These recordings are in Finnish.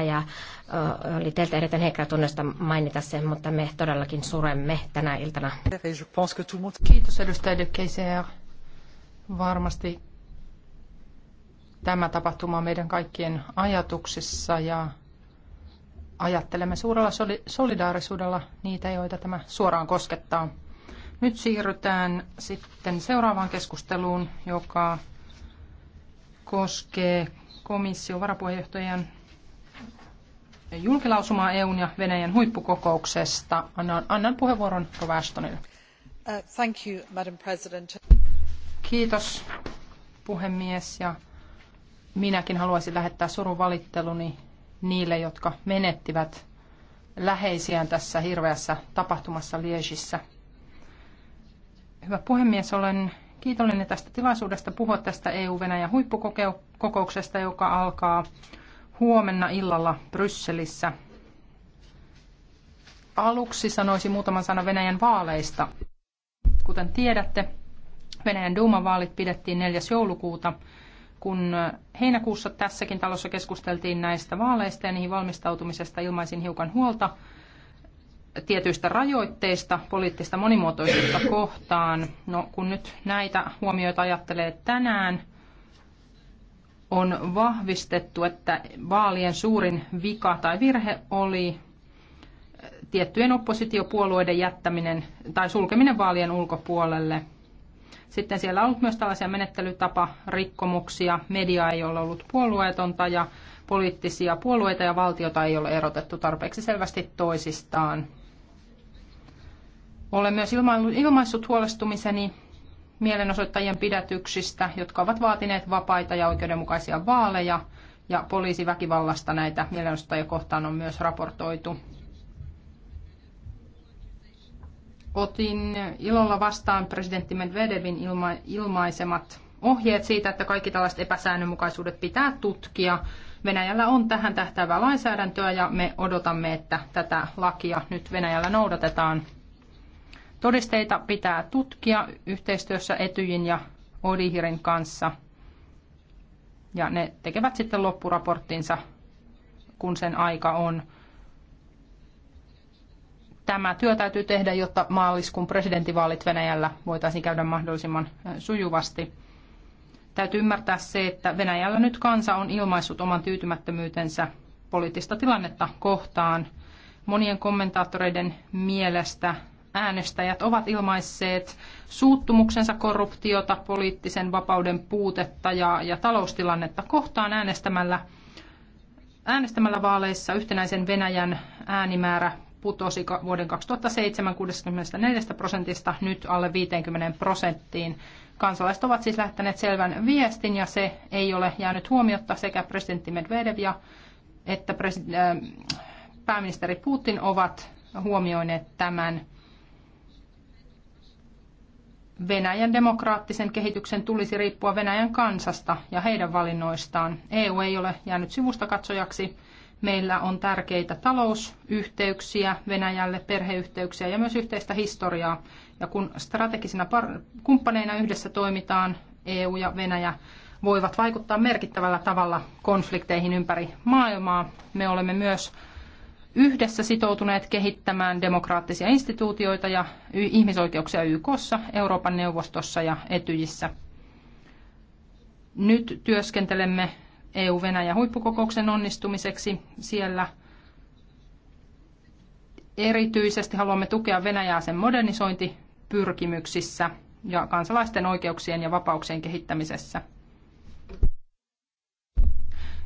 puheenjohtaja. Oli teiltä erittäin heikkää tunnosta mainita sen, mutta me todellakin suremme tänä iltana. Kiitos edustaja de Keiser. Varmasti tämä tapahtuma on meidän kaikkien ajatuksissa ja ajattelemme suurella solidaarisuudella niitä, joita tämä suoraan koskettaa. Nyt siirrytään sitten seuraavaan keskusteluun, joka koskee komission varapuheenjohtajan julkilausumaa EUn ja Venäjän huippukokouksesta. Annan, annan puheenvuoron Rova Ashtonille. Uh, thank you, Madam President. Kiitos puhemies ja minäkin haluaisin lähettää surun valitteluni niille, jotka menettivät läheisiään tässä hirveässä tapahtumassa Liesissä. Hyvä puhemies, olen kiitollinen tästä tilaisuudesta puhua tästä EU-Venäjän huippukokouksesta, joka alkaa huomenna illalla Brysselissä. Aluksi sanoisin muutaman sanan Venäjän vaaleista. Kuten tiedätte, Venäjän Duuma-vaalit pidettiin 4. joulukuuta, kun heinäkuussa tässäkin talossa keskusteltiin näistä vaaleista ja niihin valmistautumisesta ilmaisin hiukan huolta tietyistä rajoitteista poliittista monimuotoisuutta kohtaan. No, kun nyt näitä huomioita ajattelee tänään – on vahvistettu, että vaalien suurin vika tai virhe oli eh, tiettyjen oppositiopuolueiden jättäminen tai sulkeminen vaalien ulkopuolelle. Sitten siellä on ollut myös tällaisia menettelytaparikkomuksia. Media ei ole ollut puolueetonta ja poliittisia puolueita ja valtiota ei ole erotettu tarpeeksi selvästi toisistaan. Olen myös ilmaissut huolestumiseni mielenosoittajien pidätyksistä, jotka ovat vaatineet vapaita ja oikeudenmukaisia vaaleja, ja poliisiväkivallasta näitä mielenosoittajia kohtaan on myös raportoitu. Otin ilolla vastaan presidentti Medvedevin ilma- ilmaisemat ohjeet siitä, että kaikki tällaiset epäsäännönmukaisuudet pitää tutkia. Venäjällä on tähän tähtäävää lainsäädäntöä ja me odotamme, että tätä lakia nyt Venäjällä noudatetaan. Todisteita pitää tutkia yhteistyössä Etyjin ja Odihirin kanssa. Ja ne tekevät sitten loppuraporttinsa, kun sen aika on. Tämä työ täytyy tehdä, jotta maaliskuun presidentivaalit Venäjällä voitaisiin käydä mahdollisimman sujuvasti. Täytyy ymmärtää se, että Venäjällä nyt kansa on ilmaissut oman tyytymättömyytensä poliittista tilannetta kohtaan. Monien kommentaattoreiden mielestä äänestäjät ovat ilmaisseet suuttumuksensa korruptiota, poliittisen vapauden puutetta ja, ja taloustilannetta kohtaan äänestämällä, äänestämällä vaaleissa yhtenäisen Venäjän äänimäärä putosi vuoden 2007 64 prosentista nyt alle 50 prosenttiin. Kansalaiset ovat siis lähteneet selvän viestin ja se ei ole jäänyt huomiotta sekä presidentti Medvedev ja että äh, pääministeri Putin ovat huomioineet tämän. Venäjän demokraattisen kehityksen tulisi riippua Venäjän kansasta ja heidän valinnoistaan. EU ei ole jäänyt sivusta katsojaksi. Meillä on tärkeitä talousyhteyksiä Venäjälle, perheyhteyksiä ja myös yhteistä historiaa. Ja kun strategisina kumppaneina yhdessä toimitaan, EU ja Venäjä voivat vaikuttaa merkittävällä tavalla konflikteihin ympäri maailmaa. Me olemme myös yhdessä sitoutuneet kehittämään demokraattisia instituutioita ja ihmisoikeuksia YKssa, Euroopan neuvostossa ja Etyjissä. Nyt työskentelemme EU-Venäjä-huippukokouksen onnistumiseksi. Siellä erityisesti haluamme tukea Venäjää sen modernisointipyrkimyksissä ja kansalaisten oikeuksien ja vapauksien kehittämisessä.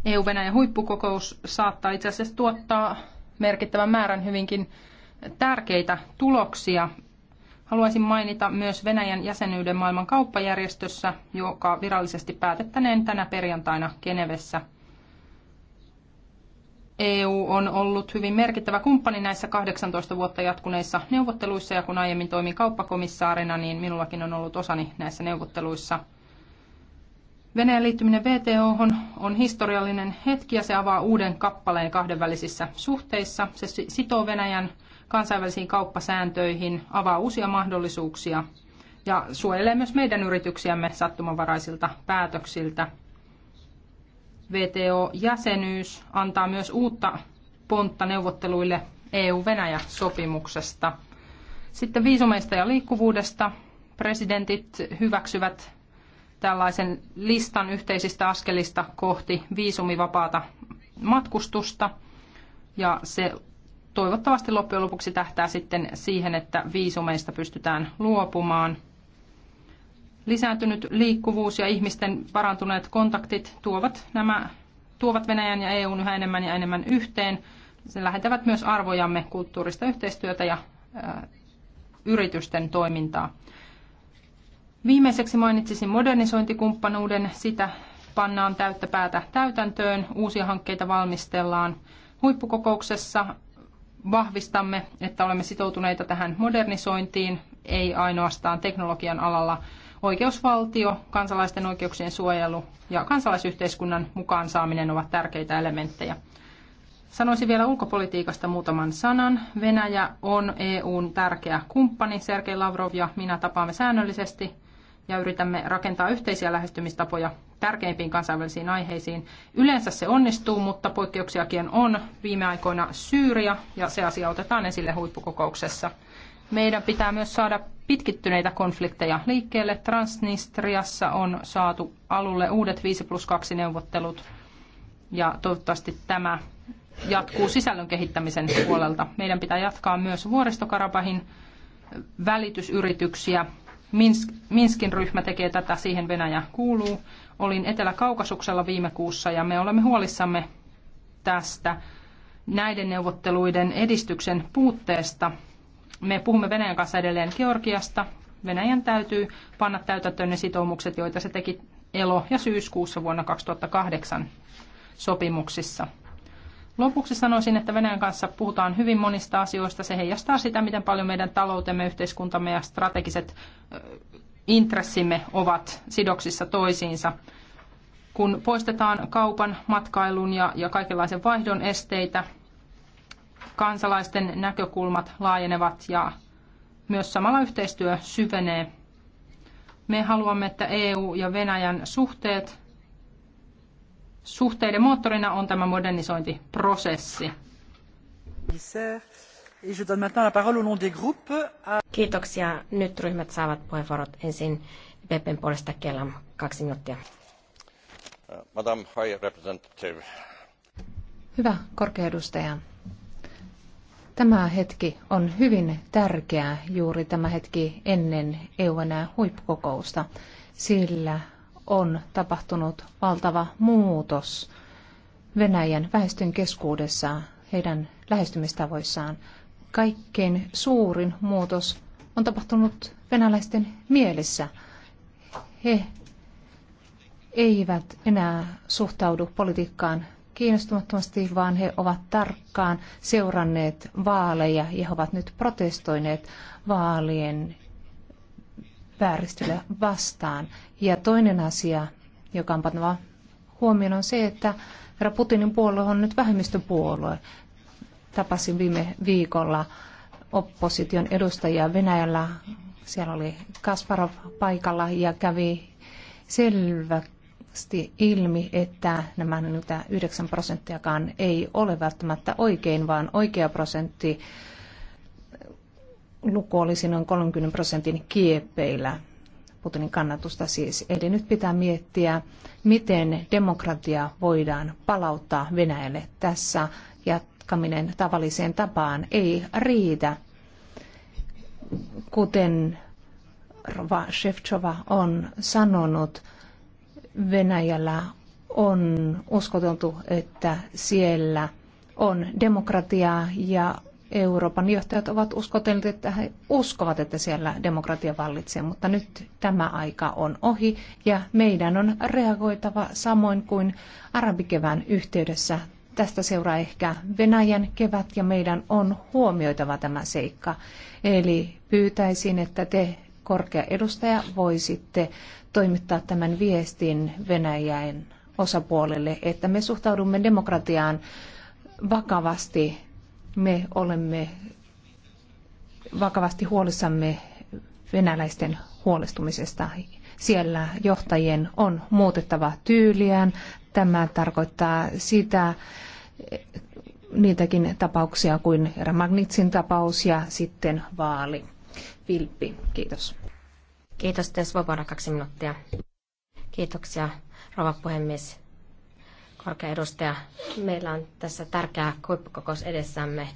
eu venäjä huippukokous saattaa itse asiassa tuottaa merkittävän määrän hyvinkin tärkeitä tuloksia. Haluaisin mainita myös Venäjän jäsenyyden maailman kauppajärjestössä, joka virallisesti päätettäneen tänä perjantaina Genevessä. EU on ollut hyvin merkittävä kumppani näissä 18 vuotta jatkuneissa neuvotteluissa ja kun aiemmin toimin kauppakomissaarina, niin minullakin on ollut osani näissä neuvotteluissa – Venäjän liittyminen VTO on historiallinen hetki ja se avaa uuden kappaleen kahdenvälisissä suhteissa. Se sitoo Venäjän kansainvälisiin kauppasääntöihin, avaa uusia mahdollisuuksia ja suojelee myös meidän yrityksiämme sattumanvaraisilta päätöksiltä. VTO-jäsenyys antaa myös uutta pontta neuvotteluille EU-Venäjä-sopimuksesta. Sitten viisumeista ja liikkuvuudesta presidentit hyväksyvät tällaisen listan yhteisistä askelista kohti viisumivapaata matkustusta. Ja se toivottavasti loppujen lopuksi tähtää sitten siihen, että viisumeista pystytään luopumaan. Lisääntynyt liikkuvuus ja ihmisten parantuneet kontaktit tuovat, nämä, tuovat Venäjän ja EUn yhä enemmän ja enemmän yhteen. Se lähetävät myös arvojamme, kulttuurista yhteistyötä ja ä, yritysten toimintaa. Viimeiseksi mainitsisin modernisointikumppanuuden. Sitä pannaan täyttä päätä täytäntöön. Uusia hankkeita valmistellaan huippukokouksessa. Vahvistamme, että olemme sitoutuneita tähän modernisointiin, ei ainoastaan teknologian alalla. Oikeusvaltio, kansalaisten oikeuksien suojelu ja kansalaisyhteiskunnan mukaan saaminen ovat tärkeitä elementtejä. Sanoisin vielä ulkopolitiikasta muutaman sanan. Venäjä on EUn tärkeä kumppani. Sergei Lavrov ja minä tapaamme säännöllisesti ja yritämme rakentaa yhteisiä lähestymistapoja tärkeimpiin kansainvälisiin aiheisiin. Yleensä se onnistuu, mutta poikkeuksiakin on. Viime aikoina Syyria ja se asia otetaan esille huippukokouksessa. Meidän pitää myös saada pitkittyneitä konflikteja liikkeelle. Transnistriassa on saatu alulle uudet 5 plus 2 neuvottelut ja toivottavasti tämä jatkuu sisällön kehittämisen puolelta. Meidän pitää jatkaa myös vuoristokarapahin välitysyrityksiä Minsk, Minskin ryhmä tekee tätä, siihen Venäjä kuuluu. Olin Etelä-Kaukasuksella viime kuussa ja me olemme huolissamme tästä näiden neuvotteluiden edistyksen puutteesta. Me puhumme Venäjän kanssa edelleen Georgiasta. Venäjän täytyy panna täytäntöön ne sitoumukset, joita se teki elo- ja syyskuussa vuonna 2008 sopimuksissa. Lopuksi sanoisin, että Venäjän kanssa puhutaan hyvin monista asioista. Se heijastaa sitä, miten paljon meidän taloutemme, yhteiskuntamme ja strategiset intressimme ovat sidoksissa toisiinsa. Kun poistetaan kaupan, matkailun ja, ja kaikenlaisen vaihdon esteitä, kansalaisten näkökulmat laajenevat ja myös samalla yhteistyö syvenee. Me haluamme, että EU ja Venäjän suhteet suhteiden moottorina on tämä modernisointiprosessi. Kiitoksia. Nyt ryhmät saavat puheenvuorot ensin Pepen puolesta Kelam. Kaksi minuuttia. Uh, Madame High Representative. Hyvä korkea edustaja. Tämä hetki on hyvin tärkeä juuri tämä hetki ennen EUn huippukokousta, sillä on tapahtunut valtava muutos Venäjän väestön keskuudessa, heidän lähestymistavoissaan. Kaikkein suurin muutos on tapahtunut venäläisten mielessä. He eivät enää suhtaudu politiikkaan kiinnostumattomasti, vaan he ovat tarkkaan seuranneet vaaleja ja he ovat nyt protestoineet vaalien vääristelyä vastaan. Ja toinen asia, joka on pantava huomioon, on se, että herra Putinin puolue on nyt vähemmistöpuolue. Tapasin viime viikolla opposition edustajia Venäjällä. Siellä oli Kasparov paikalla ja kävi selvästi ilmi, että nämä 9 prosenttiakaan ei ole välttämättä oikein, vaan oikea prosentti luku olisi noin 30 prosentin kieppeillä. Putinin kannatusta siis. Eli nyt pitää miettiä, miten demokratia voidaan palauttaa Venäjälle. Tässä jatkaminen tavalliseen tapaan ei riitä. Kuten Rova Shevchova on sanonut, Venäjällä on uskoteltu, että siellä on demokratiaa ja Euroopan johtajat ovat uskotelleet, että he uskovat, että siellä demokratia vallitsee, mutta nyt tämä aika on ohi ja meidän on reagoitava samoin kuin arabikevään yhteydessä. Tästä seuraa ehkä Venäjän kevät ja meidän on huomioitava tämä seikka. Eli pyytäisin, että te korkea edustaja voisitte toimittaa tämän viestin Venäjän osapuolelle, että me suhtaudumme demokratiaan vakavasti me olemme vakavasti huolissamme venäläisten huolestumisesta. Siellä johtajien on muutettava tyyliään. Tämä tarkoittaa sitä, niitäkin tapauksia kuin Ramagnitsin tapaus ja sitten vaali. Vilppi, kiitos. Kiitos, Tess Vapara, kaksi minuuttia. Kiitoksia, rouva puhemies korkea edustaja, meillä on tässä tärkeä huippukokous edessämme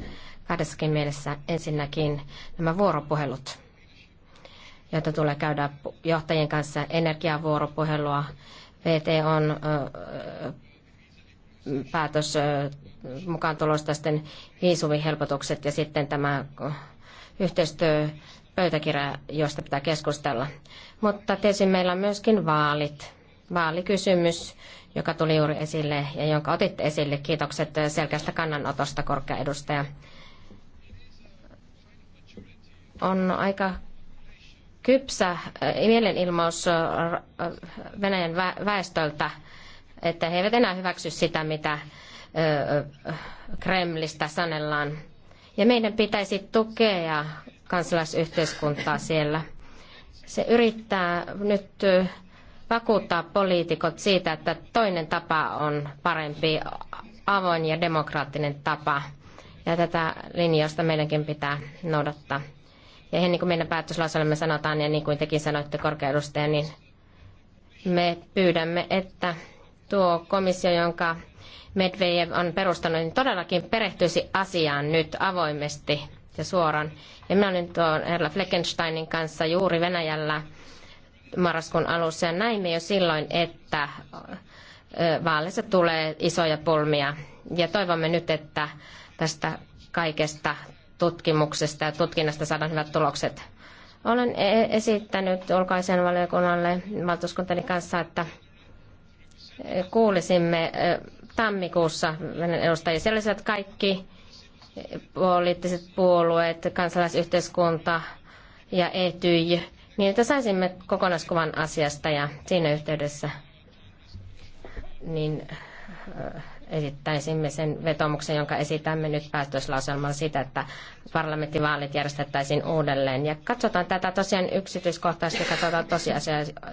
kahdessakin mielessä. Ensinnäkin nämä vuoropuhelut, joita tulee käydä johtajien kanssa, energiavuoropuhelua, VT on päätös mukaan tulosta sitten helpotukset ja sitten tämä yhteistyö pöytäkirja, josta pitää keskustella. Mutta tietysti meillä on myöskin vaalit, vaalikysymys, joka tuli juuri esille ja jonka otitte esille. Kiitokset selkeästä kannanotosta, korkea edustaja. On aika kypsä äh, mielenilmaus äh, äh, Venäjän väestöltä, että he eivät enää hyväksy sitä, mitä Kremlistä sanellaan. Ja meidän pitäisi tukea kansalaisyhteiskuntaa siellä. Se yrittää nyt vakuuttaa poliitikot siitä, että toinen tapa on parempi, avoin ja demokraattinen tapa. Ja tätä linjausta meidänkin pitää noudattaa. Ja niin kuin meidän päätöslauselemme sanotaan, ja niin kuin tekin sanoitte korkeudustaja, niin me pyydämme, että tuo komissio, jonka Medvedev on perustanut, niin todellakin perehtyisi asiaan nyt avoimesti ja suoraan. Ja minä olin tuon Erla Fleckensteinin kanssa juuri Venäjällä marraskuun alussa ja näimme jo silloin, että vaaleissa tulee isoja pulmia. Ja toivomme nyt, että tästä kaikesta tutkimuksesta ja tutkinnasta saadaan hyvät tulokset. Olen e-, esittänyt ulkoisen valiokunnalle valtuuskuntani kanssa, että kuulisimme tammikuussa edustajia. Siellä olisivat kaikki poliittiset puolueet, kansalaisyhteiskunta ja etyj niin että saisimme kokonaiskuvan asiasta ja siinä yhteydessä niin äh, esittäisimme sen vetomuksen, jonka esitämme nyt päätöslauselman sitä, että parlamenttivaalit järjestettäisiin uudelleen. Ja katsotaan tätä tosiaan yksityiskohtaisesti, katsotaan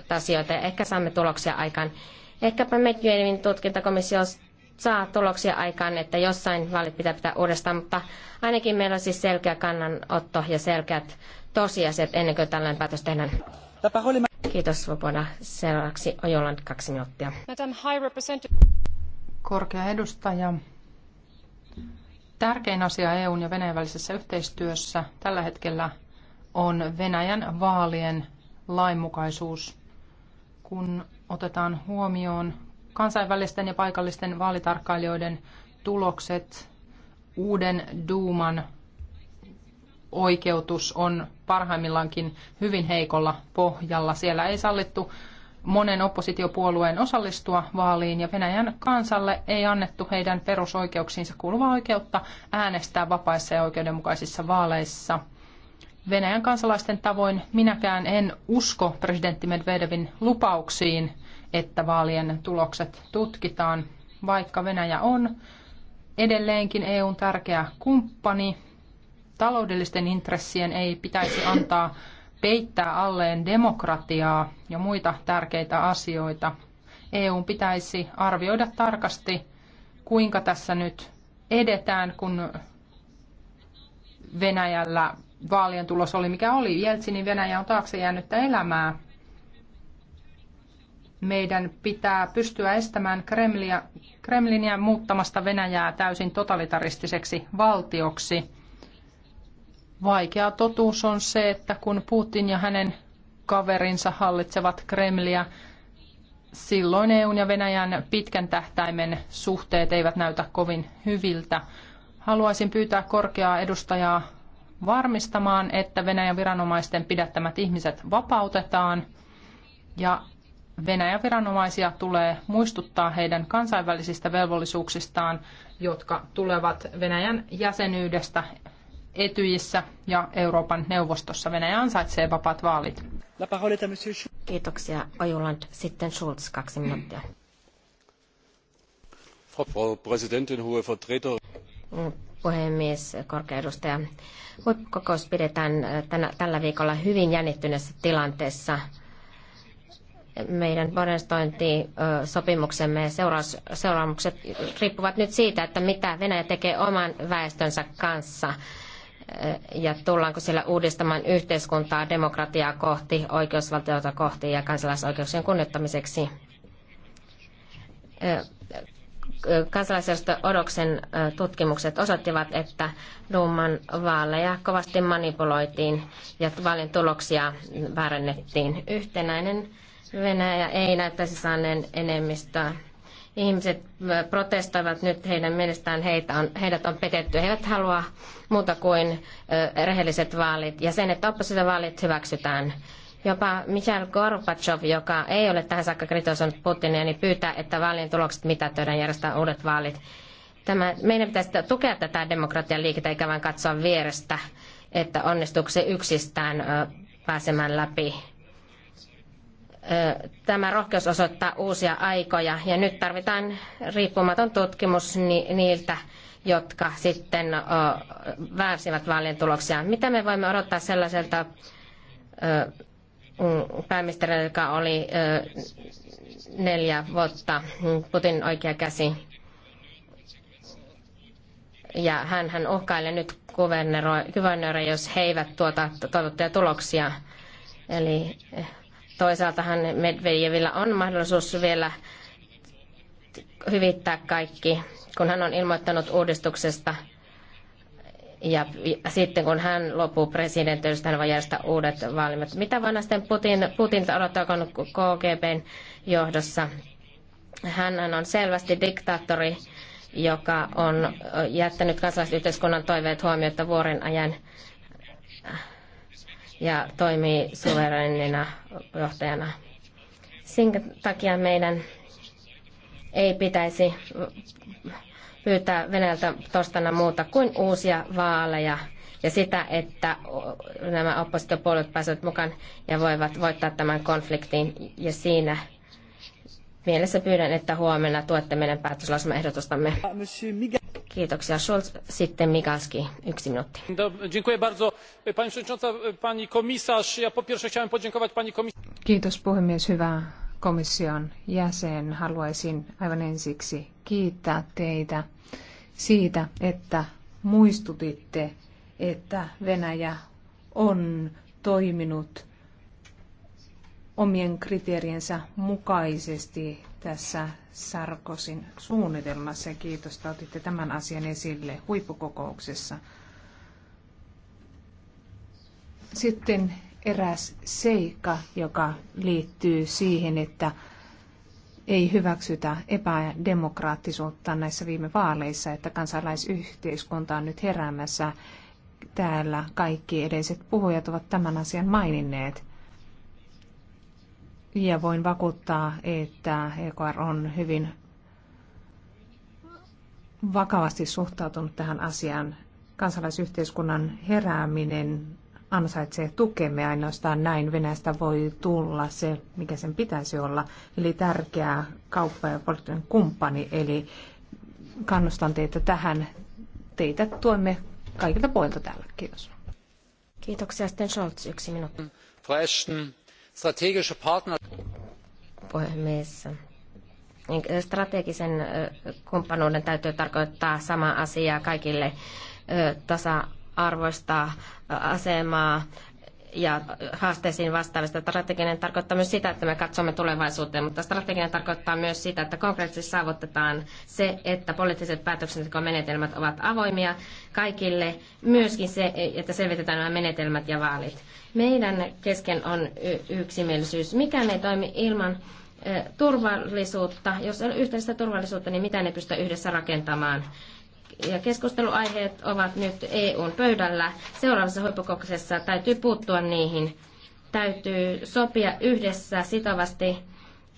tosiasioita ja ehkä saamme tuloksia aikaan. Ehkäpä Medvedevin tutkintakomissio saa tuloksia aikaan, että jossain vaalit pitää pitää uudestaan, mutta ainakin meillä on siis selkeä kannanotto ja selkeät tosiasiat ennen kuin tällainen päätös tehdään. Kiitos Svoboda. Seuraavaksi Ojoland kaksi minuuttia. Korkea edustaja. Tärkein asia EUn ja Venäjän välisessä yhteistyössä tällä hetkellä on Venäjän vaalien lainmukaisuus, kun otetaan huomioon kansainvälisten ja paikallisten vaalitarkkailijoiden tulokset uuden Duuman oikeutus on parhaimmillaankin hyvin heikolla pohjalla. Siellä ei sallittu monen oppositiopuolueen osallistua vaaliin ja Venäjän kansalle ei annettu heidän perusoikeuksiinsa kuuluvaa oikeutta äänestää vapaissa ja oikeudenmukaisissa vaaleissa. Venäjän kansalaisten tavoin minäkään en usko presidentti Medvedevin lupauksiin, että vaalien tulokset tutkitaan, vaikka Venäjä on edelleenkin EUn tärkeä kumppani taloudellisten intressien ei pitäisi antaa peittää alleen demokratiaa ja muita tärkeitä asioita. EU pitäisi arvioida tarkasti, kuinka tässä nyt edetään, kun Venäjällä vaalien tulos oli mikä oli. Jeltsinin Venäjä on taakse jäänyttä elämää. Meidän pitää pystyä estämään Kremlia, Kremlinia muuttamasta Venäjää täysin totalitaristiseksi valtioksi Vaikea totuus on se, että kun Putin ja hänen kaverinsa hallitsevat Kremliä, silloin EUn ja Venäjän pitkän tähtäimen suhteet eivät näytä kovin hyviltä. Haluaisin pyytää korkeaa edustajaa varmistamaan, että Venäjän viranomaisten pidättämät ihmiset vapautetaan ja Venäjän viranomaisia tulee muistuttaa heidän kansainvälisistä velvollisuuksistaan, jotka tulevat Venäjän jäsenyydestä Etyjissä ja Euroopan neuvostossa. Venäjä ansaitsee vapaat vaalit. Kiitoksia Ojuland. Sitten Schulz, kaksi minuuttia. Frau puhemies, korkea edustaja. Huippukokous pidetään äh, tänä, tällä viikolla hyvin jännittyneessä tilanteessa. Meidän modernistointisopimuksemme ja seuraamukset riippuvat nyt siitä, että mitä Venäjä tekee oman väestönsä kanssa ja tullaanko siellä uudistamaan yhteiskuntaa demokratiaa kohti, oikeusvaltiota kohti ja kansalaisoikeuksien kunnioittamiseksi. Kansalaisjärjestö Odoksen tutkimukset osoittivat, että Duuman vaaleja kovasti manipuloitiin ja vaalien tuloksia väärennettiin. Yhtenäinen Venäjä ei näyttäisi saaneen enemmistöä Ihmiset protestoivat nyt, heidän mielestään heitä on, heidät on petetty. He eivät halua muuta kuin rehelliset vaalit ja sen, että oppositiovaalit hyväksytään. Jopa Michael Gorbachev, joka ei ole tähän saakka kritisoinut Putinia, niin pyytää, että vaalien tulokset mitätöidään järjestää uudet vaalit. Tämä, meidän pitäisi tukea tätä demokratian liikettä eikä vain katsoa vierestä, että onnistuuko se yksistään pääsemään läpi tämä rohkeus osoittaa uusia aikoja ja nyt tarvitaan riippumaton tutkimus niiltä, jotka sitten väärsivät vaalien tuloksia. Mitä me voimme odottaa sellaiselta mm, pääministeriltä, joka oli neljä vuotta mm, Putin oikea käsi? Ja hän, hän uhkailee nyt kuvernööriä, jos he eivät tuota toivottuja tuloksia. Eli eh, Toisaaltahan Medvedevillä on mahdollisuus vielä hyvittää kaikki, kun hän on ilmoittanut uudistuksesta. Ja sitten kun hän lopuu presidentöistä, hän voi järjestää uudet vaalit. Mitä vanha sitten Putin, Putin odottaa KGBn johdossa? Hän on selvästi diktaattori, joka on jättänyt kansalaisyhteiskunnan toiveet huomiota vuoren ajan ja toimii suverenina johtajana. Sen takia meidän ei pitäisi pyytää Venäjältä torstaina muuta kuin uusia vaaleja ja sitä, että nämä oppositiopuolueet pääsevät mukaan ja voivat voittaa tämän konfliktin ja siinä Mielessä pyydän, että huomenna tuette meidän päätöslausumaehdotustamme. Kiitoksia Scholz. Sitten Mikalski, yksi minuutti. Kiitos puhemies, hyvä komission jäsen. Haluaisin aivan ensiksi kiittää teitä siitä, että muistutitte, että Venäjä on toiminut omien kriteeriensä mukaisesti tässä Sarkosin suunnitelmassa. Ja kiitos, että otitte tämän asian esille huippukokouksessa. Sitten eräs seikka, joka liittyy siihen, että ei hyväksytä epädemokraattisuutta näissä viime vaaleissa, että kansalaisyhteiskunta on nyt heräämässä. Täällä kaikki edelliset puhujat ovat tämän asian maininneet. Ja voin vakuuttaa, että EKR on hyvin vakavasti suhtautunut tähän asiaan. Kansalaisyhteiskunnan herääminen ansaitsee tukemme ainoastaan näin. Venäjästä voi tulla se, mikä sen pitäisi olla, eli tärkeä kauppa- ja poliittinen kumppani. Eli kannustan teitä tähän. Teitä tuemme kaikilta puolilta täällä. Kiitos. Kiitoksia. Sitten Scholz, yksi minuutti. Strategische partner... Puhemies. Strategisen kumppanuuden täytyy tarkoittaa sama asiaa kaikille tasa-arvoista asemaa, ja haasteisiin vastaamista. Strateginen tarkoittaa myös sitä, että me katsomme tulevaisuuteen, mutta strateginen tarkoittaa myös sitä, että konkreettisesti saavutetaan se, että poliittiset päätöksentekomenetelmät ovat avoimia kaikille, myöskin se, että selvitetään nämä menetelmät ja vaalit. Meidän kesken on yksimielisyys. Mikään ei toimi ilman eh, turvallisuutta. Jos on yhteistä turvallisuutta, niin mitä ne pystyy yhdessä rakentamaan ja keskusteluaiheet ovat nyt EUn pöydällä. Seuraavassa huippukokouksessa täytyy puuttua niihin. Täytyy sopia yhdessä sitovasti,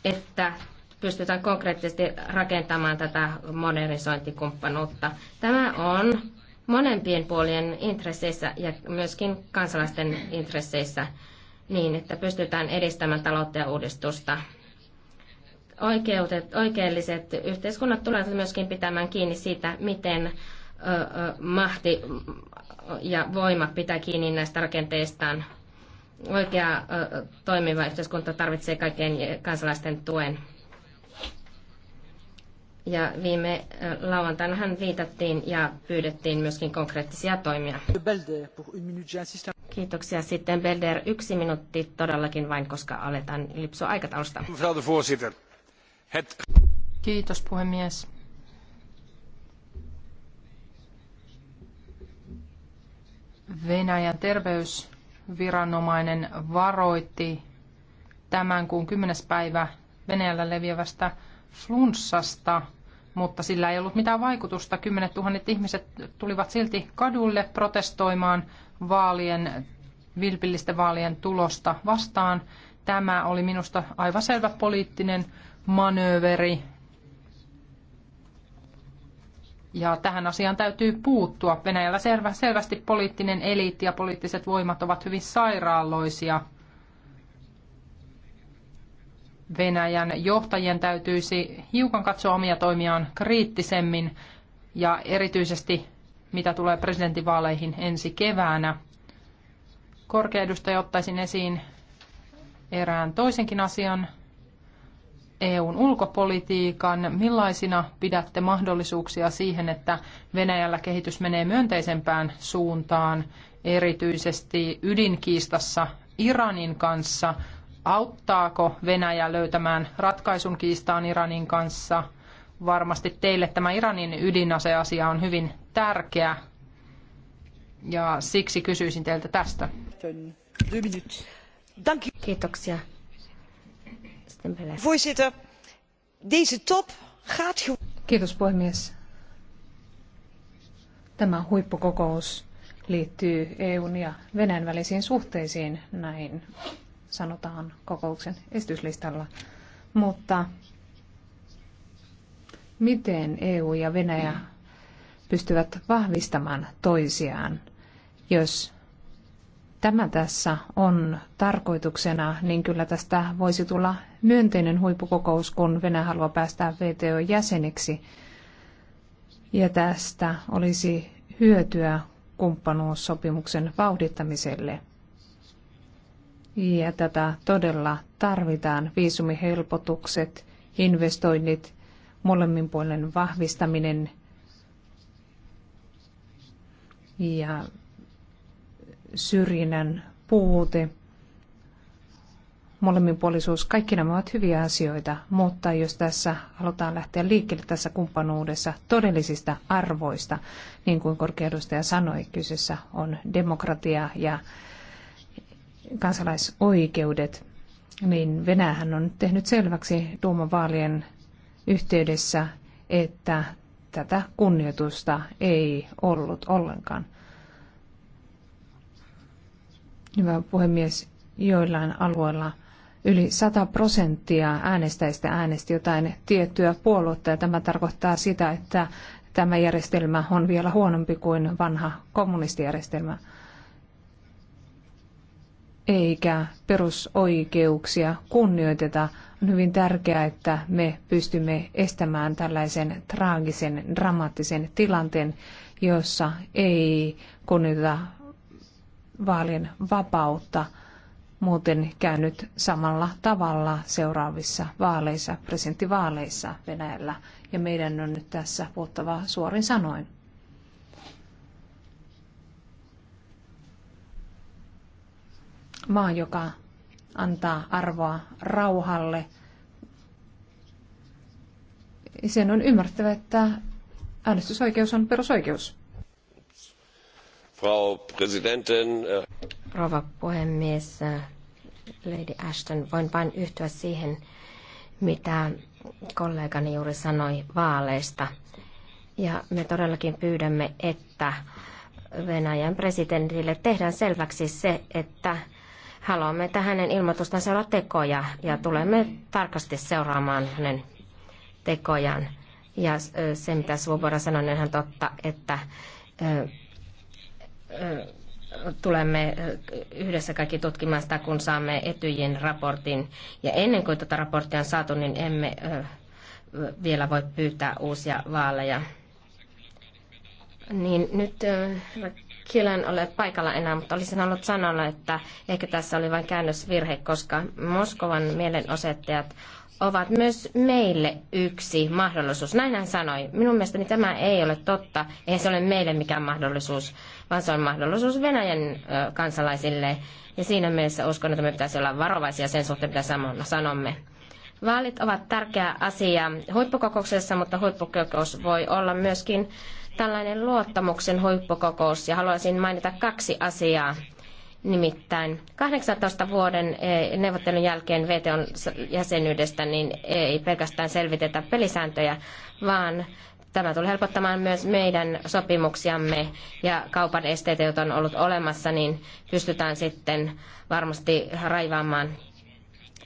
että pystytään konkreettisesti rakentamaan tätä modernisointikumppanuutta. Tämä on monempien puolien intresseissä ja myöskin kansalaisten intresseissä niin, että pystytään edistämään taloutta ja uudistusta oikeutet, oikeelliset yhteiskunnat tulevat myöskin pitämään kiinni siitä, miten mahti ja voima pitää kiinni näistä rakenteistaan. Oikea toimiva yhteiskunta tarvitsee kaikkien kansalaisten tuen. Ja viime lauantaina hän viitattiin ja pyydettiin myöskin konkreettisia toimia. Kiitoksia. Sitten Belder yksi minuutti todellakin vain, koska aletaan lipsua aikataulusta. Mevrouw de voorzitter, Het... Kiitos puhemies. Venäjän terveysviranomainen varoitti tämän kuun 10. päivä Venäjällä leviävästä flunssasta, mutta sillä ei ollut mitään vaikutusta. Kymmenet tuhannet ihmiset tulivat silti kadulle protestoimaan vaalien, vilpillisten vaalien tulosta vastaan. Tämä oli minusta aivan selvä poliittinen manööveri. Ja tähän asiaan täytyy puuttua. Venäjällä selvä, selvästi poliittinen eliitti ja poliittiset voimat ovat hyvin sairaalloisia Venäjän johtajien täytyisi hiukan katsoa omia toimiaan kriittisemmin ja erityisesti mitä tulee presidentinvaaleihin ensi keväänä. Korkeedustaja ottaisin esiin erään toisenkin asian, EUn ulkopolitiikan. Millaisina pidätte mahdollisuuksia siihen, että Venäjällä kehitys menee myönteisempään suuntaan, erityisesti ydinkiistassa Iranin kanssa? Auttaako Venäjä löytämään ratkaisun kiistaan Iranin kanssa? Varmasti teille tämä Iranin ydinaseasia on hyvin tärkeä ja siksi kysyisin teiltä tästä. Kiitoksia. Voorzitter, deze top gaat... Kiitos puhemies. Tämä huippukokous liittyy EUn ja Venäjän välisiin suhteisiin, näin sanotaan kokouksen esityslistalla. Mutta miten EU ja Venäjä pystyvät vahvistamaan toisiaan, jos tämä tässä on tarkoituksena, niin kyllä tästä voisi tulla myönteinen huippukokous, kun Venäjä haluaa päästä VTO-jäseneksi. Ja tästä olisi hyötyä kumppanuussopimuksen vauhdittamiselle. Ja tätä todella tarvitaan. Viisumihelpotukset, investoinnit, molemmin puolen vahvistaminen ja syrjinnän puute, molemminpuolisuus, kaikki nämä ovat hyviä asioita, mutta jos tässä halutaan lähteä liikkeelle tässä kumppanuudessa todellisista arvoista, niin kuin korkeudustaja sanoi, kyseessä on demokratia ja kansalaisoikeudet, niin Venäjähän on tehnyt selväksi Duuman vaalien yhteydessä, että tätä kunnioitusta ei ollut ollenkaan. Hyvä puhemies, joillain alueilla yli 100 prosenttia äänestäjistä äänesti jotain tiettyä puoluetta ja tämä tarkoittaa sitä, että tämä järjestelmä on vielä huonompi kuin vanha kommunistijärjestelmä. Eikä perusoikeuksia kunnioiteta. On hyvin tärkeää, että me pystymme estämään tällaisen traagisen, dramaattisen tilanteen, jossa ei kunnioiteta vaalien vapautta. Muuten käynyt samalla tavalla seuraavissa vaaleissa, presidenttivaaleissa Venäjällä. Ja meidän on nyt tässä puhuttava suorin sanoin. Maa, joka antaa arvoa rauhalle. Sen on ymmärrettävä, että äänestysoikeus on perusoikeus. Frau Präsidentin. Äh, Rouva puhemies, äh, Lady Ashton, voin vain yhtyä siihen, mitä kollegani juuri sanoi vaaleista. Ja me todellakin pyydämme, että Venäjän presidentille tehdään selväksi se, että haluamme, että hänen ilmoitustansa olla tekoja ja tulemme tarkasti seuraamaan hänen tekojaan. Ja se, mitä Svoboda sanoi, niin on ihan totta, että tulemme yhdessä kaikki tutkimaan sitä, kun saamme etyjin raportin. Ja ennen kuin tätä raporttia on saatu, niin emme vielä voi pyytää uusia vaaleja. Niin nyt Kielen ole paikalla enää, mutta olisin halunnut sanoa, että ehkä tässä oli vain käännösvirhe, koska Moskovan mielenosoittajat ovat myös meille yksi mahdollisuus. Näin hän sanoi. Minun mielestäni tämä ei ole totta. Eihän se ole meille mikään mahdollisuus vaan se on mahdollisuus Venäjän kansalaisille. Ja siinä mielessä uskon, että me pitäisi olla varovaisia sen suhteen, mitä sanomme. Vaalit ovat tärkeä asia huippukokouksessa, mutta huippukokous voi olla myöskin tällainen luottamuksen huippukokous. Ja haluaisin mainita kaksi asiaa. Nimittäin 18 vuoden e, neuvottelun jälkeen VTOn jäsenyydestä niin ei pelkästään selvitetä pelisääntöjä, vaan Tämä tulee helpottamaan myös meidän sopimuksiamme ja kaupan esteitä, joita on ollut olemassa, niin pystytään sitten varmasti raivaamaan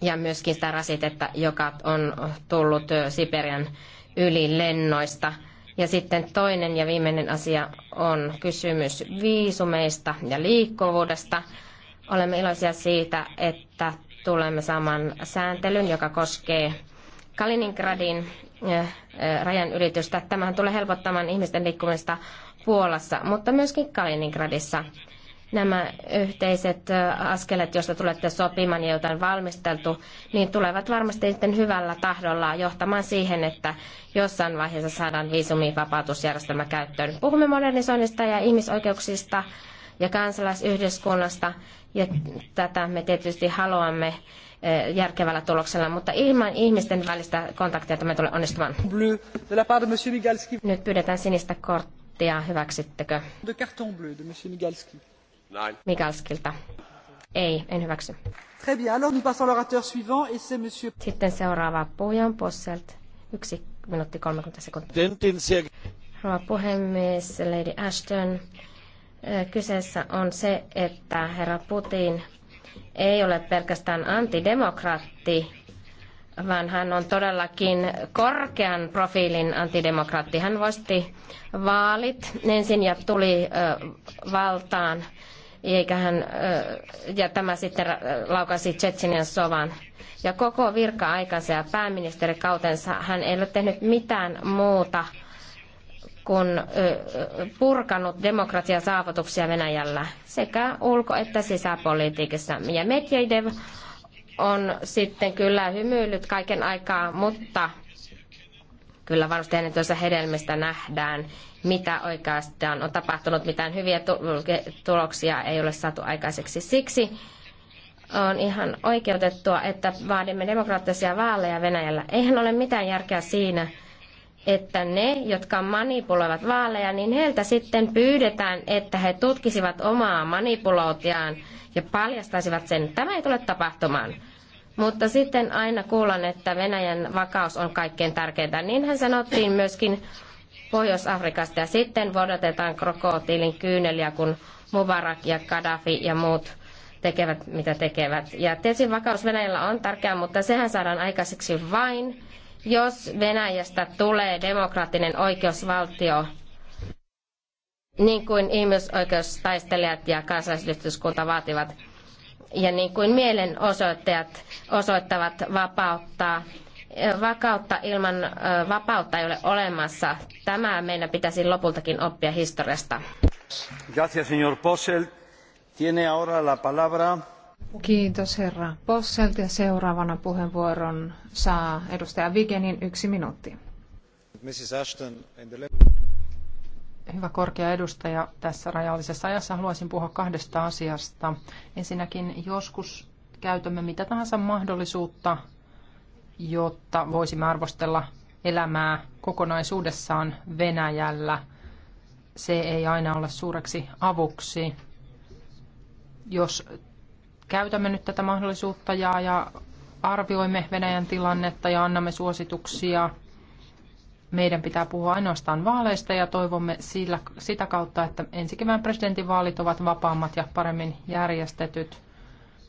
ja myöskin sitä rasitetta, joka on tullut Siperian yli lennoista. Ja sitten toinen ja viimeinen asia on kysymys viisumeista ja liikkuvuudesta. Olemme iloisia siitä, että tulemme saamaan sääntelyn, joka koskee Kaliningradin Eh, rajan ylitystä. Tämähän tulee helpottamaan ihmisten liikkumista Puolassa, mutta myöskin Kaliningradissa. Nämä yhteiset eh, askelet, joista tulette sopimaan ja joita on valmisteltu, niin tulevat varmasti sitten hyvällä tahdolla johtamaan siihen, että jossain vaiheessa saadaan viisumivapautusjärjestelmä käyttöön. Puhumme modernisoinnista ja ihmisoikeuksista ja kansalaisyhdyskunnasta, ja tätä me tietysti haluamme Eh, järkevällä tuloksella, mutta ilman ihmisten välistä kontaktia tämä tulee onnistumaan. Nyt pyydetään sinistä korttia, hyväksyttekö? De carton bleu de monsieur Migalski. Nein. Migalskilta. Ei, en hyväksy. Très bien, alors nous passons l'orateur suivant et c'est monsieur... Sitten seuraava puhuja on Posselt. Yksi minuutti 30 sekuntia. Rouva puhemies, Lady Ashton. Kyseessä on se, että herra Putin ei ole pelkästään antidemokraatti, vaan hän on todellakin korkean profiilin antidemokraatti. Hän voisti vaalit ensin ja tuli valtaan, eikä hän, ja tämä sitten laukasi Tsetsinen sovan. Ja koko virka-aikansa ja pääministerikautensa hän ei ole tehnyt mitään muuta kun purkanut demokratian saavutuksia Venäjällä sekä ulko- että sisäpolitiikassa. Ja Medvedev on sitten kyllä hymyillyt kaiken aikaa, mutta kyllä varmasti hänen tuossa hedelmistä nähdään, mitä oikeastaan on tapahtunut, mitään hyviä tuloksia ei ole saatu aikaiseksi. Siksi on ihan oikeutettua, että vaadimme demokraattisia vaaleja Venäjällä. Eihän ole mitään järkeä siinä, että ne, jotka manipuloivat vaaleja, niin heiltä sitten pyydetään, että he tutkisivat omaa manipulointiaan ja paljastaisivat sen. Tämä ei tule tapahtumaan. Mutta sitten aina kuulan, että Venäjän vakaus on kaikkein tärkeintä. Niinhän sanottiin myöskin Pohjois-Afrikasta ja sitten vodotetaan krokotiilin kyyneliä, kun Mubarak ja Gaddafi ja muut tekevät, mitä tekevät. Ja tietysti vakaus Venäjällä on tärkeää, mutta sehän saadaan aikaiseksi vain, jos Venäjästä tulee demokraattinen oikeusvaltio, niin kuin ihmisoikeustaistelijat ja kansalaisyhdistyskunta vaativat, ja niin kuin mielenosoittajat osoittavat vapautta vakautta ilman vapautta ei ole olemassa. Tämä meidän pitäisi lopultakin oppia historiasta. Gracias, señor Tiene ahora la palabra Kiitos herra Posselt ja seuraavana puheenvuoron saa edustaja Vigenin yksi minuutti. Mrs. Ashton, Hyvä korkea edustaja, tässä rajallisessa ajassa haluaisin puhua kahdesta asiasta. Ensinnäkin joskus käytämme mitä tahansa mahdollisuutta, jotta voisimme arvostella elämää kokonaisuudessaan Venäjällä. Se ei aina ole suureksi avuksi. Jos käytämme nyt tätä mahdollisuutta ja, ja arvioimme Venäjän tilannetta ja annamme suosituksia. Meidän pitää puhua ainoastaan vaaleista ja toivomme sillä, sitä kautta, että ensi kevään presidentinvaalit ovat vapaammat ja paremmin järjestetyt.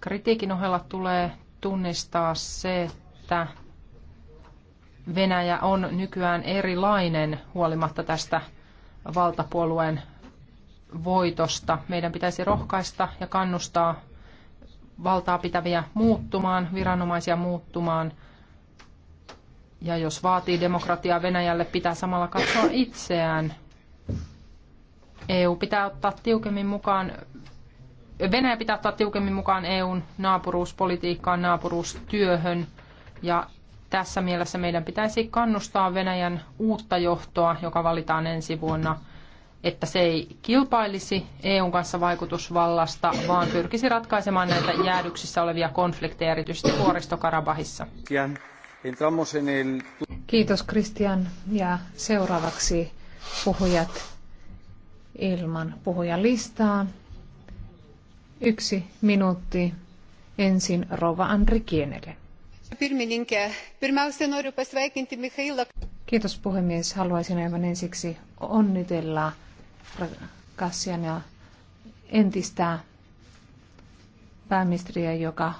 Kritiikin ohella tulee tunnistaa se, että Venäjä on nykyään erilainen huolimatta tästä valtapuolueen voitosta. Meidän pitäisi rohkaista ja kannustaa valtaa pitäviä muuttumaan, viranomaisia muuttumaan. Ja jos vaatii demokratiaa Venäjälle, pitää samalla katsoa itseään. EU pitää ottaa tiukemmin mukaan, Venäjä pitää ottaa tiukemmin mukaan EUn naapuruuspolitiikkaan, naapuruustyöhön. Ja tässä mielessä meidän pitäisi kannustaa Venäjän uutta johtoa, joka valitaan ensi vuonna – että se ei kilpailisi EUn kanssa vaikutusvallasta, vaan pyrkisi ratkaisemaan näitä jäädyksissä olevia konflikteja, erityisesti vuoristokarabahissa. Kiitos Christian ja seuraavaksi puhujat ilman puhujalistaa. Yksi minuutti ensin Rova Andri Kienelle. Kiitos puhemies. Haluaisin aivan ensiksi onnitella Kassian ja entistä pääministeriä, joka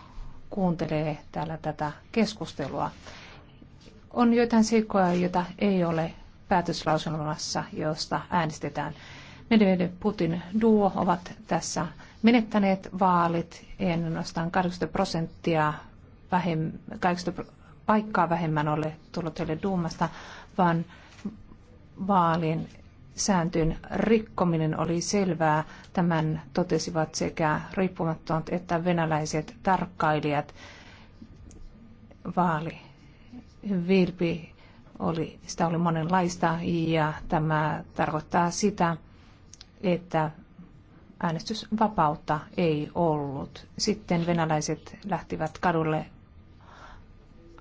kuuntelee täällä tätä keskustelua. On joitain seikkoja, joita ei ole päätöslauselmassa, josta äänestetään. Medvedev Putin duo ovat tässä menettäneet vaalit, ei ainoastaan 80 prosenttia vähem, 80 paikkaa vähemmän ole tullut heille duumasta, vaan vaalien sääntöjen rikkominen oli selvää. Tämän totesivat sekä riippumattomat että venäläiset tarkkailijat. Vaali virpi oli, sitä oli monenlaista ja tämä tarkoittaa sitä, että äänestysvapautta ei ollut. Sitten venäläiset lähtivät kadulle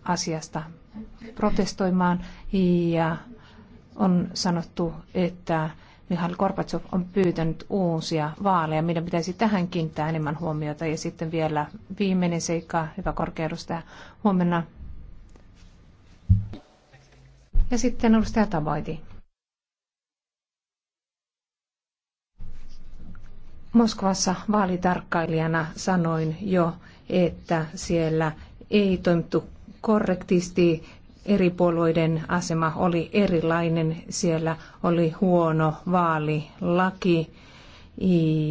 asiasta protestoimaan ja on sanottu, että Mihail Gorbachev on pyytänyt uusia vaaleja. Meidän pitäisi tähän kiinnittää enemmän huomiota. Ja sitten vielä viimeinen seikka, hyvä korkeudustaja, huomenna. Ja sitten edustaja Tavaiti. Moskovassa vaalitarkkailijana sanoin jo, että siellä ei toimittu korrektisti eri puolueiden asema oli erilainen. Siellä oli huono vaalilaki,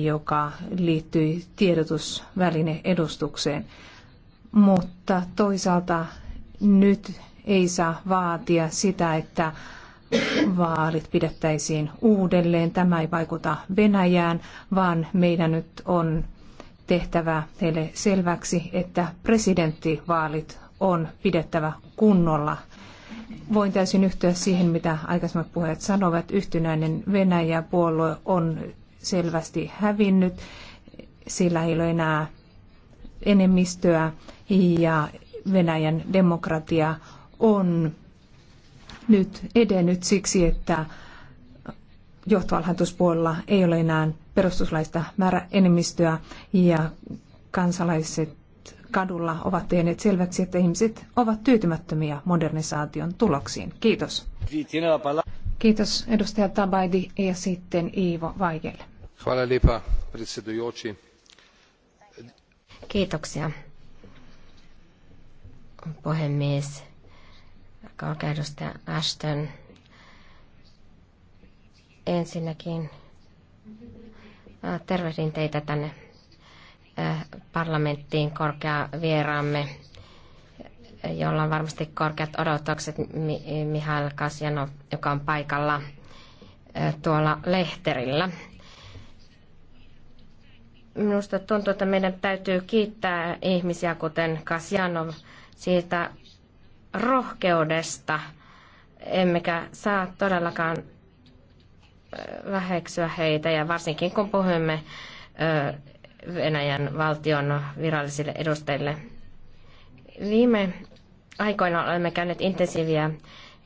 joka liittyi tiedotusväline-edustukseen. Mutta toisaalta nyt ei saa vaatia sitä, että vaalit pidettäisiin uudelleen. Tämä ei vaikuta Venäjään, vaan meidän nyt on tehtävä heille selväksi, että presidenttivaalit on pidettävä kunnolla. Voin täysin yhtyä siihen, mitä aikaisemmat puheet sanovat. Yhtenäinen Venäjä-puolue on selvästi hävinnyt. Sillä ei ole enää enemmistöä ja Venäjän demokratia on nyt edennyt siksi, että johtoalhaituspuolella ei ole enää perustuslaista määrä enemmistöä ja kansalaiset kadulla ovat tehneet selväksi, että ihmiset ovat tyytymättömiä modernisaation tuloksiin. Kiitos. Kiitos edustaja Tabaidi ja sitten Iivo Vaigelle. Kiitoksia. Puhemies, korkea edustaja Ashton. Ensinnäkin tervehdin teitä tänne parlamenttiin korkea vieraamme, jolla on varmasti korkeat odotukset, Mihail Kasjanov, joka on paikalla tuolla lehterillä. Minusta tuntuu, että meidän täytyy kiittää ihmisiä, kuten Kasjanov, siitä rohkeudesta, emmekä saa todellakaan väheksyä heitä, ja varsinkin kun puhumme Venäjän valtion virallisille edustajille. Viime aikoina olemme käyneet intensiiviä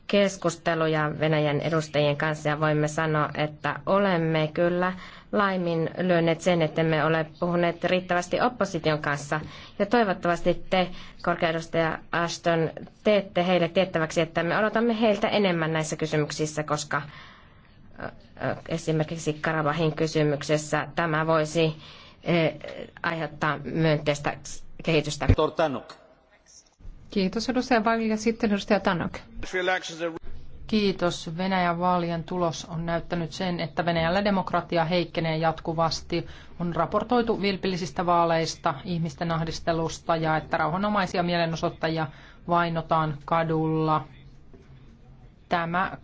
keskusteluja Venäjän edustajien kanssa ja voimme sanoa, että olemme kyllä laiminlyöneet sen, että me ole puhuneet riittävästi opposition kanssa. Ja toivottavasti te, korkeudustaja Ashton, teette heille tiettäväksi, että me odotamme heiltä enemmän näissä kysymyksissä, koska esimerkiksi Karabahin kysymyksessä tämä voisi Eh, aiheuttaa myönteistä kehitystä. Kiitos edustaja Vali ja sitten edustaja Tanok. Kiitos. Venäjän vaalien tulos on näyttänyt sen, että Venäjällä demokratia heikkenee jatkuvasti. On raportoitu vilpillisistä vaaleista, ihmisten ahdistelusta ja että rauhanomaisia mielenosoittajia vainotaan kadulla. Tämä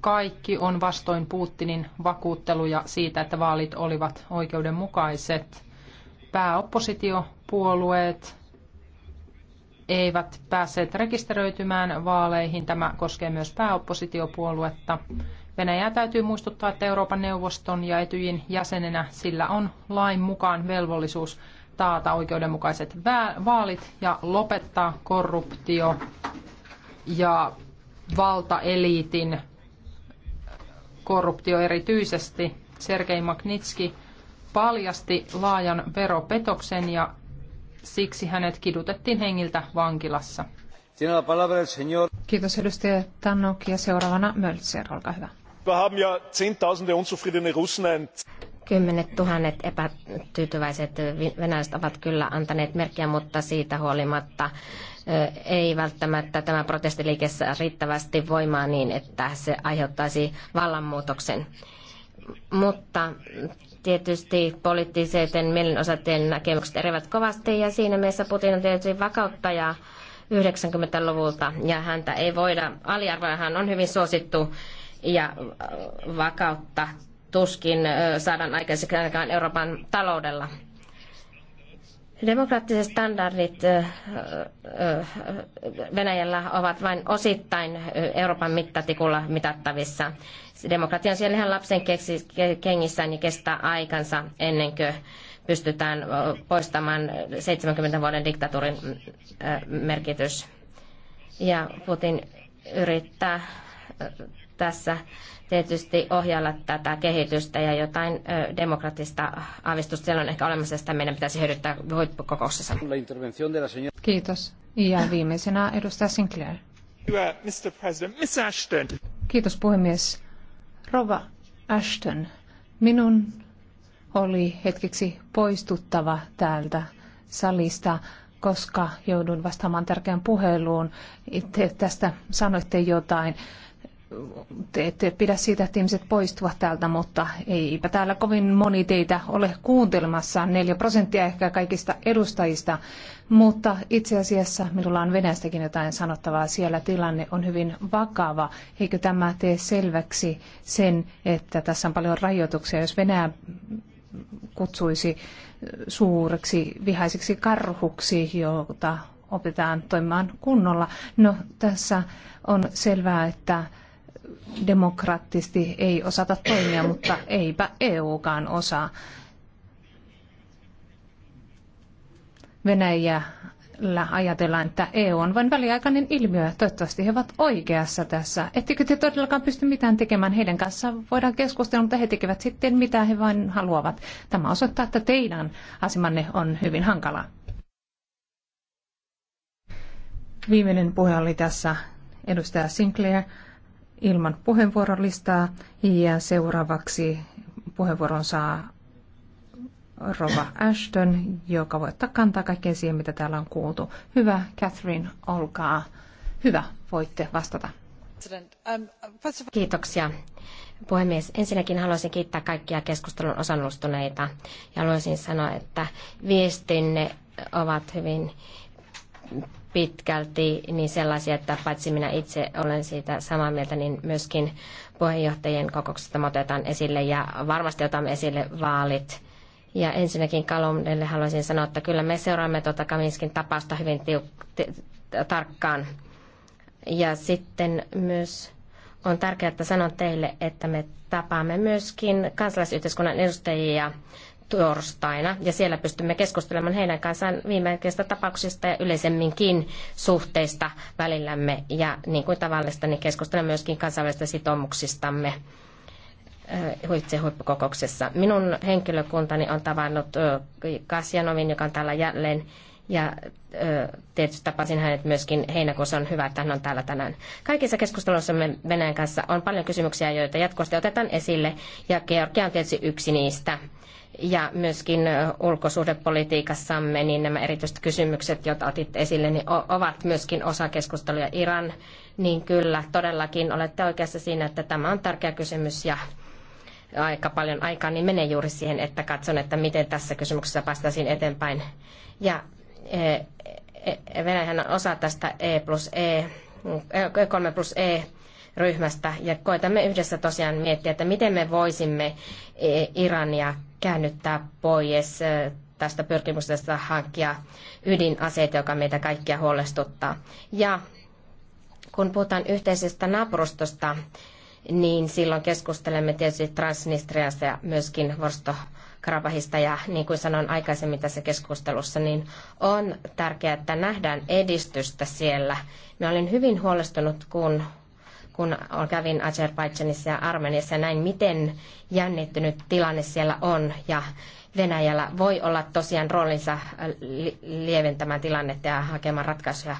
kaikki on vastoin Putinin vakuutteluja siitä, että vaalit olivat oikeudenmukaiset. Pääoppositiopuolueet eivät päässeet rekisteröitymään vaaleihin. Tämä koskee myös pääoppositiopuoluetta. Venäjää täytyy muistuttaa, että Euroopan neuvoston ja Etyjin jäsenenä sillä on lain mukaan velvollisuus taata oikeudenmukaiset vaalit ja lopettaa korruptio ja valtaeliitin korruptio erityisesti. Sergei Magnitski paljasti laajan veropetoksen ja siksi hänet kidutettiin hengiltä vankilassa. Kiitos edustaja Tannok ja seuraavana Möltser, olkaa hyvä. Kymmenet tuhannet epätyytyväiset venäläiset ovat kyllä antaneet merkkiä, mutta siitä huolimatta ei välttämättä tämä protestiliike saa riittävästi voimaa niin, että se aiheuttaisi vallanmuutoksen. Mutta tietysti poliittiseiden mielenosoitteen näkemykset erivät kovasti ja siinä mielessä Putin on tietysti vakauttaja 90-luvulta ja häntä ei voida aliarvoida. Hän on hyvin suosittu ja vakautta tuskin saadaan aikaiseksi ainakaan Euroopan taloudella. Demokraattiset standardit Venäjällä ovat vain osittain Euroopan mittatikulla mitattavissa. Demokratia on siellä ihan lapsen kengissä, niin kestää aikansa ennen kuin pystytään poistamaan 70 vuoden diktatuurin merkitys. Ja Putin yrittää tässä tietysti ohjailla tätä kehitystä ja jotain ö, demokratista avistusta siellä on ehkä olemassa, sitä meidän pitäisi hyödyttää huippukokouksessa. Kiitos. Ja viimeisenä edustaja Sinclair. Kiitos puhemies. Rova Ashton, minun oli hetkeksi poistuttava täältä salista, koska joudun vastaamaan tärkeään puheluun. Itse tästä sanoitte jotain te ette pidä siitä, että ihmiset poistuvat täältä, mutta eipä täällä kovin moni teitä ole kuuntelemassa, neljä prosenttia ehkä kaikista edustajista, mutta itse asiassa minulla on Venäjästäkin jotain sanottavaa. Siellä tilanne on hyvin vakava. Eikö tämä tee selväksi sen, että tässä on paljon rajoituksia, jos Venäjä kutsuisi suureksi vihaiseksi karhuksi, jota opetetaan toimimaan kunnolla. No tässä on selvää, että demokraattisesti ei osata toimia, mutta eipä EUkaan osaa. Venäjällä ajatellaan, että EU on vain väliaikainen ilmiö. Toivottavasti he ovat oikeassa tässä. Ettekö te todellakaan pysty mitään tekemään heidän kanssaan? Voidaan keskustella, mutta he tekevät sitten mitä he vain haluavat. Tämä osoittaa, että teidän asemanne on hyvin hankala. Viimeinen puhe oli tässä edustaja Sinclair ilman puheenvuorolistaa ja seuraavaksi puheenvuoron saa Rova Ashton, joka voi ottaa kantaa kaikkeen siihen, mitä täällä on kuultu. Hyvä, Catherine, olkaa hyvä, voitte vastata. Kiitoksia. Puhemies, ensinnäkin haluaisin kiittää kaikkia keskustelun osallistuneita ja haluaisin sanoa, että viestinne ovat hyvin pitkälti niin sellaisia, että paitsi minä itse olen siitä samaa mieltä, niin myöskin puheenjohtajien kokouksesta otetaan esille ja varmasti otamme esille vaalit. Ja ensinnäkin Kalomdelle haluaisin sanoa, että kyllä me seuraamme tuota Kaminskin tapausta hyvin tiuk- tarkkaan. Ja sitten myös on tärkeää, että sanon teille, että me tapaamme myöskin kansalaisyhteiskunnan edustajia torstaina ja siellä pystymme keskustelemaan heidän kanssaan viimeisistä tapauksista ja yleisemminkin suhteista välillämme ja niin kuin tavallista niin keskustelemme myöskin kansainvälisistä sitoumuksistamme eh, itse huippukokouksessa. Minun henkilökuntani on tavannut eh, Kasjanovin, joka on täällä jälleen ja eh, tietysti tapasin hänet myöskin heinäkuussa. On hyvä, että hän on täällä tänään. Kaikissa keskusteluissa Venäjän kanssa on paljon kysymyksiä, joita jatkuvasti otetaan esille. Ja Georgia on tietysti yksi niistä ja myöskin ulkosuhdepolitiikassamme, niin nämä erityiset kysymykset, joita otitte esille, niin ovat myöskin osa keskusteluja Iran, niin kyllä todellakin olette oikeassa siinä, että tämä on tärkeä kysymys ja aika paljon aikaa, niin menee juuri siihen, että katson, että miten tässä kysymyksessä päästäisiin eteenpäin. Ja e, e, e, Venäjähän on osa tästä E plus E, 3 plus E ryhmästä ja koitamme yhdessä tosiaan miettiä, että miten me voisimme Irania käännyttää pois tästä pyrkimyksestä hankkia ydinaseita, joka meitä kaikkia huolestuttaa. Ja kun puhutaan yhteisestä naapurustosta, niin silloin keskustelemme tietysti Transnistriasta ja myöskin Vorsto Krabahista. ja niin kuin sanoin aikaisemmin tässä keskustelussa, niin on tärkeää, että nähdään edistystä siellä. minä olin hyvin huolestunut, kun kun kävin Azerbaidžanissa ja Armeniassa näin, miten jännittynyt tilanne siellä on ja Venäjällä voi olla tosiaan roolinsa lieventämään tilannetta ja hakemaan ratkaisuja.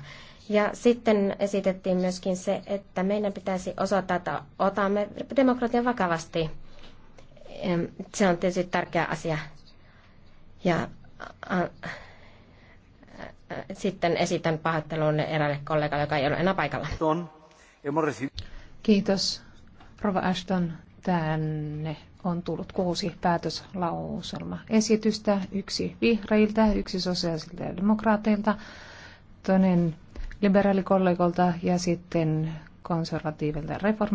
Ja sitten esitettiin myöskin se, että meidän pitäisi osoittaa, että otamme demokratian vakavasti. Se on tietysti tärkeä asia. Ja sitten esitän pahoittelun eräälle kollegalle, joka ei ole enää paikalla. On. Kiitos. Rova Ashton, tänne on tullut kuusi päätöslauselmaesitystä. Yksi vihreiltä, yksi sosiaalisilta ja demokraateilta, toinen liberaalikollegolta ja sitten konservatiivilta reformi.